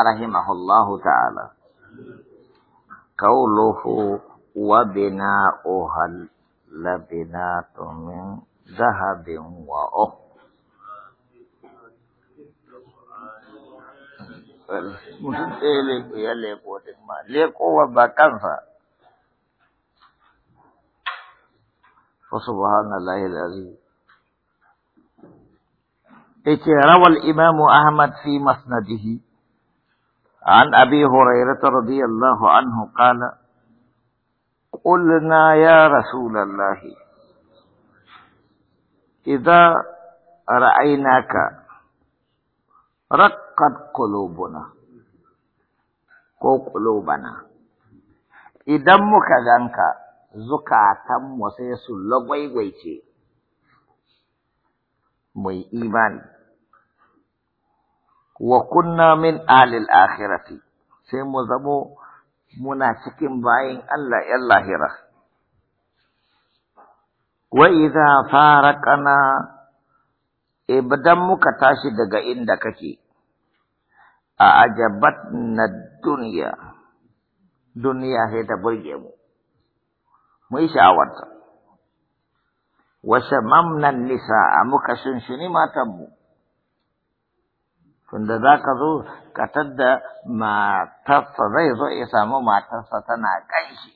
رحمه الله تعالى قوله وبناؤها لبنات من ذهب وأخ mutum ɗaya leko ya leko din ma lekowa ba kansa fa subhanallahi alazim yace rawal imamu ahmad fi masnadihi عن أبي هريرة رضي الله عنه قال قلنا يا رسول الله إذا رأيناك رقت قلوبنا ko قلوبنا إذا مكذنك زكاة zukatanmu sai su lagwaigwaice mai وكنا من أهل الآخرة سيمو زمو مناسكين باين الله اللاهرة وإذا فارقنا إبدا مكتاشي دقا إندا أعجبتنا الدنيا دنيا هي تبرجمو ميش أورتا وشممنا النساء مكشنشني ما تمو tunda za ka zo ka tadda matarsa zai zo ya samu matarsa tana ƙanshi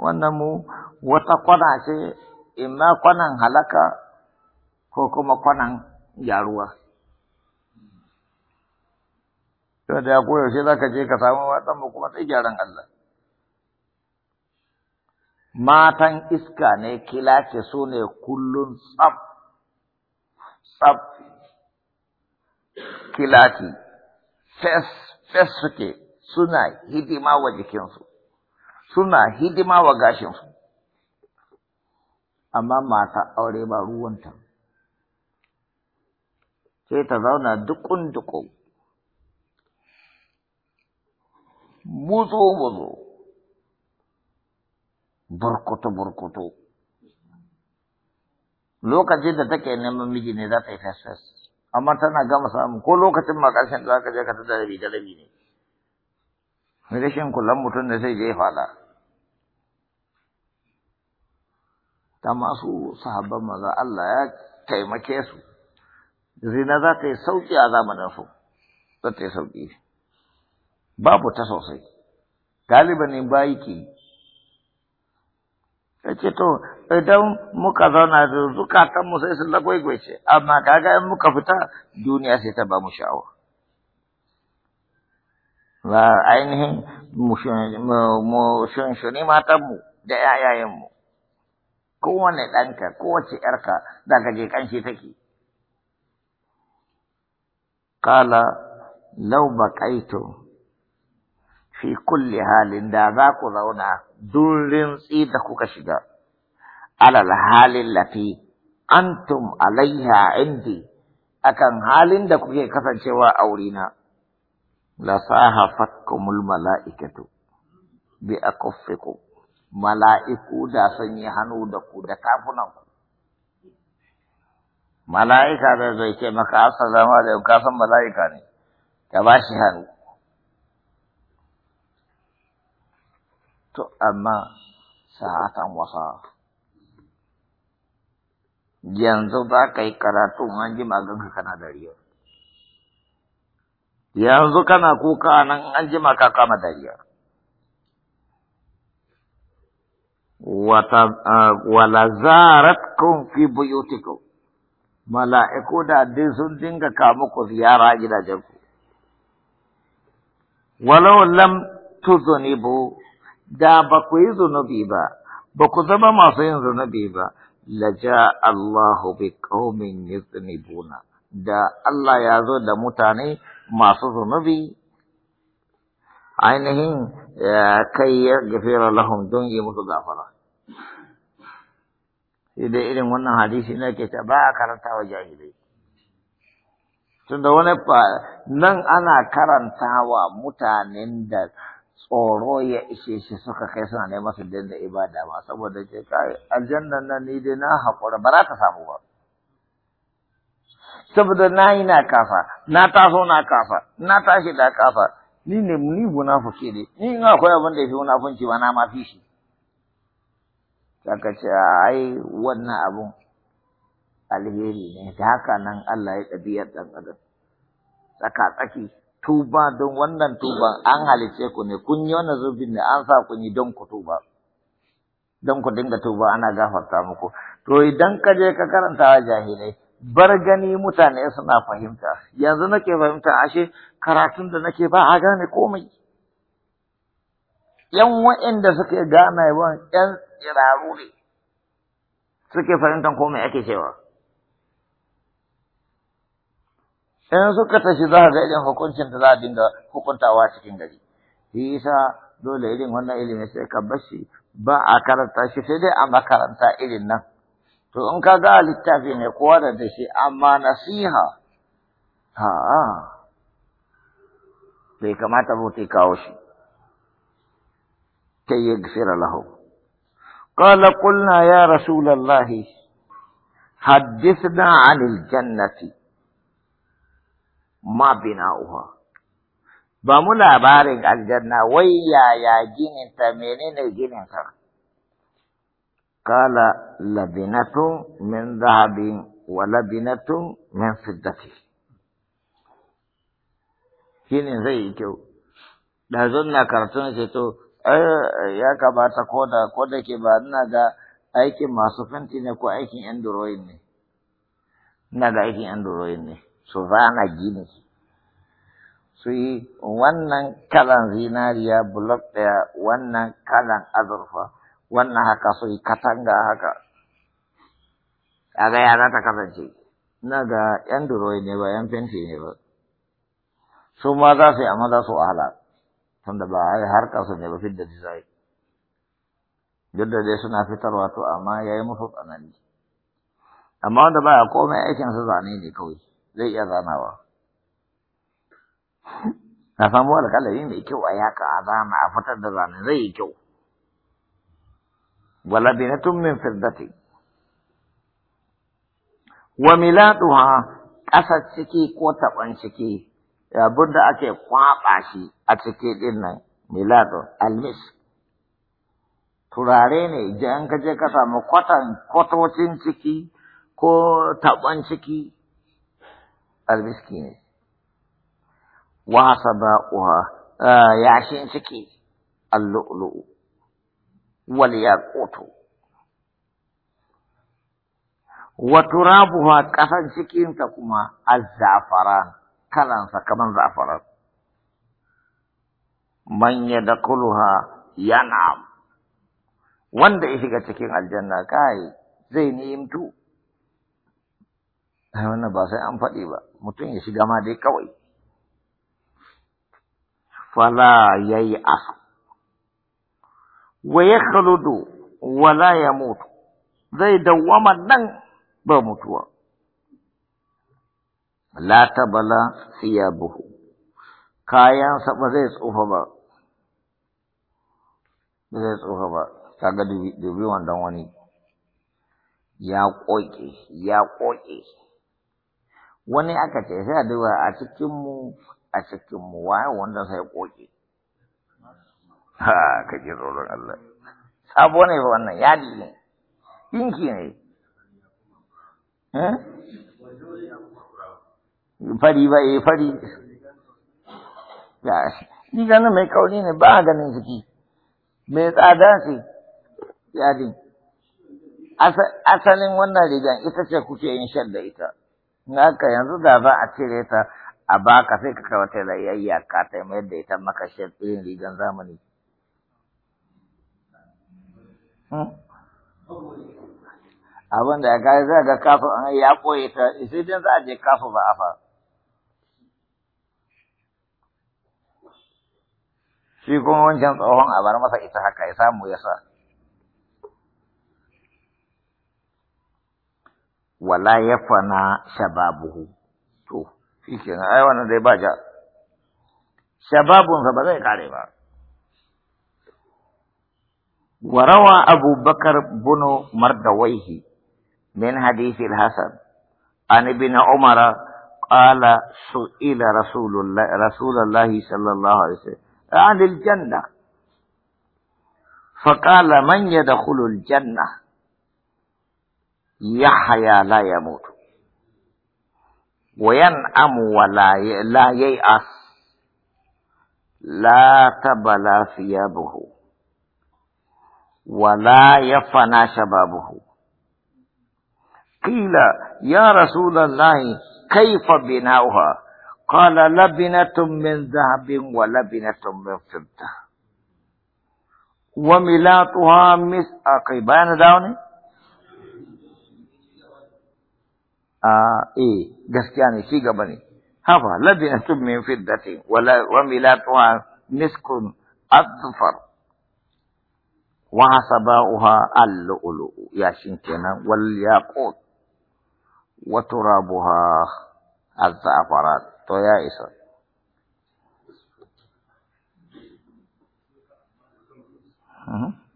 wannan mu wata kwana ce imma kwanan halaka ko kuma kwanan gyaruwa Yau da ya koyaushe za ka je ka samu matsanmu kuma sai gyaran Allah matan iska ne kila ce su ne kullum tsaf sab kilati fes fes suke suna hidima wa jikinsu suna hidima wa gashinsu amma mata aure ba ruwanta sai ta zauna dukun dukun muzo muzo burkutu burkutu lokacin da take neman miji ne za ta yi fesfes amma tana gama samu ko lokacin ma ƙarshen da zaka je ka tada rabi da rabi ne rashin kullum mutum da sai je faɗa ta masu sahabban maza Allah ya taimake su zina za ta yi sauƙi a zamanin su za ta yi sauƙi babu ta sosai galiba ne bayi ke sai ce to idan muka zauna da zukatan mu sai sun ce amma kaga in muka fita duniya sai ta ba mu sha'awa ba ainihin mu shunshuni matanmu da ‘ya'yayenmu kowane ɗanka kowace ‘yarka daga ka je kanshi take kala lau ba kaito. fi kulli halin da za ku zauna durin da kuka shiga alal halin lafi, antum alaiha indi akan halin da kuke kasancewa a wurina la sahafatkumul mala'ikatu bi akuffikum mala'iku da sun yi hannu da ku da kafunanku mala'ika da zai ce maka assalamu alaikum ka mala'ika ne ka ba shi hannu to amma sa'atan wasa yanzu za ka yi karatu anji maganka kana dariya yanzu kana kuka nan anji maka kama dariya wala kun fi buyutikum mala'iku da dai sun dinga kamu ku ziyara gidajenku walau lam tuzunibu da ba ku yi zunubi ba ba ku zama masu yin zunubi ba laja Allahu bi qaumin yuznibuna da Allah ya zo da mutane masu zunubi ainihin kai ya gafira lahum don yi musu gafara Idan irin wannan hadisi na ke ta ba a karanta wa jahilai tunda wani nan ana karantawa mutanen da tsoro ya ishe shi suka kai suna neman su da ibada ba saboda ke kai aljannan nan ni dai na haƙura ba za ta samu ba saboda na yi na kafa na taso na kafa na tashi da kafa ni ne ni fuke ne ni ina akwai abin da ya fi munafunci ba na ma fi shi saka ce ai wannan abun alheri ne ta haka nan Allah ya ɗabi'ar ɗan adam tsaka tsaki tuba don wannan tuba an halice ku ne kun yi wannan zubin ne an sa ku yi don ku tuba don ku dinga tuba ana gafarta muku to idan ka je ka karanta wa jahilai bar gani mutane suna fahimta yanzu nake fahimta ashe karatun da nake ba a gane komai yan wa'inda suke gane wa yan tsiraru suke fahimtan komai ake cewa in suka tashi za ka ga irin hukuncin da za a dinga hukuntawa cikin gari shi yasa dole irin wannan ilimi sai ka bashi ba a karanta shi sai dai a makaranta irin nan to in ka ga littafi ne kowa da da shi amma nasiha ha bai kamata ta kawo shi kai ya gfira lahu قال قلنا يا رسول الله حدثنا عن الجنة ma uha. ba mu labarin aljanna wai yaya ta, menene gininta kala labinatun min zahabin wa labinatun min fiddati ginin zai yi kyau da na karatun ce to ya kamata ko da ko da ke ba ina ga aikin masu fenti ne ko aikin android ne ina ga aikin android ne su rana gini su yi wannan kalan zinariya bulok ɗaya wannan kalan azurfa wannan haka su yi katanga haka kaga ya za ta kasance ina ga yan duroi ne ba yan fenti ne ba su ma za su yi amma za su wahala tunda ba a yi harka su ne ba da duk da dai suna fitarwa to amma ya yi musu tsanani amma wanda ba ya komai aikinsa zane ne kawai zai iya zanawa na samu alƙalami mai kyau a yaka a zana a fitar da zanen zai yi kyau tun min firdati wa miladuha ƙasa ciki ko taɓan ciki abin da ake kwaɓa shi a ciki ɗin nan miladun almis turare ne jan ka je ka samu kwatan kwatocin ciki ko taɓan ciki albiski ne Wa wasa ba'uha yashin ciki allu'lu'u wal yaqutu wa turabuha kasan cikinta kuma azzafaran kalansa kaman zafaran man yadkhuluha yan'am wanda ya shiga cikin aljanna kai zai nimtu wannan ba sai an faɗi ba mutum ya shiga ma dai kawai fala yi asa. wa yakhludu wala yamutu zai dawwama nan ba mutuwa la tabala buhu. kayansa ba zai tsufa ba ba zai tsufa ba kaga dubi dubi wannan wani ya ƙoƙe, ya ƙoƙe. wani aka ce sai a duba a cikinmu a cikinmu waye wanda sai koke ha ka ji tsoron Allah sabo ne ba wannan yadi ne dinki ne eh? fari ba eh fari ya shi ganin mai kauri ne ba ganin ziki mai tsada ce yadin asalin wannan rigan ita ce kuke yin shar da ita Naka yanzu da za a cire ta a baka sai ka kawata da yayya ka ta mayar da ita maka irin rigan zamani. Hmm? Abin da ya za ga kafa an ya koyi ta sai dan za a je kafa ba a fa. Shi kuma wancan tsohon a bar masa ita haka ya samu ya sa. ولا يفنى شبابه تو to اي وانا دي باجا شبابون ba ja وروى أبو بكر بن مردويه من حديث الحسن عن ابن عمر قال سئل رسول الله رسول الله صلى الله عليه وسلم عن الجنة فقال من يدخل الجنة يحيا لا يموت وينعم ولا ي... لا ييأس لا تبلى ثيابه ولا يفنى شبابه قيل يا رسول الله كيف بناؤها قال لبنة من ذهب ولبنة من فضة وملاتها مثل قبان داوني آه إيه دستياني شيء قبلي هفا لدينا تب من فدة ولا وملاتها نسك أظفر وعصباؤها اللؤلؤ يا شنكنا والياقوت وترابها الزعفرات تو يا إسر Mm-hmm.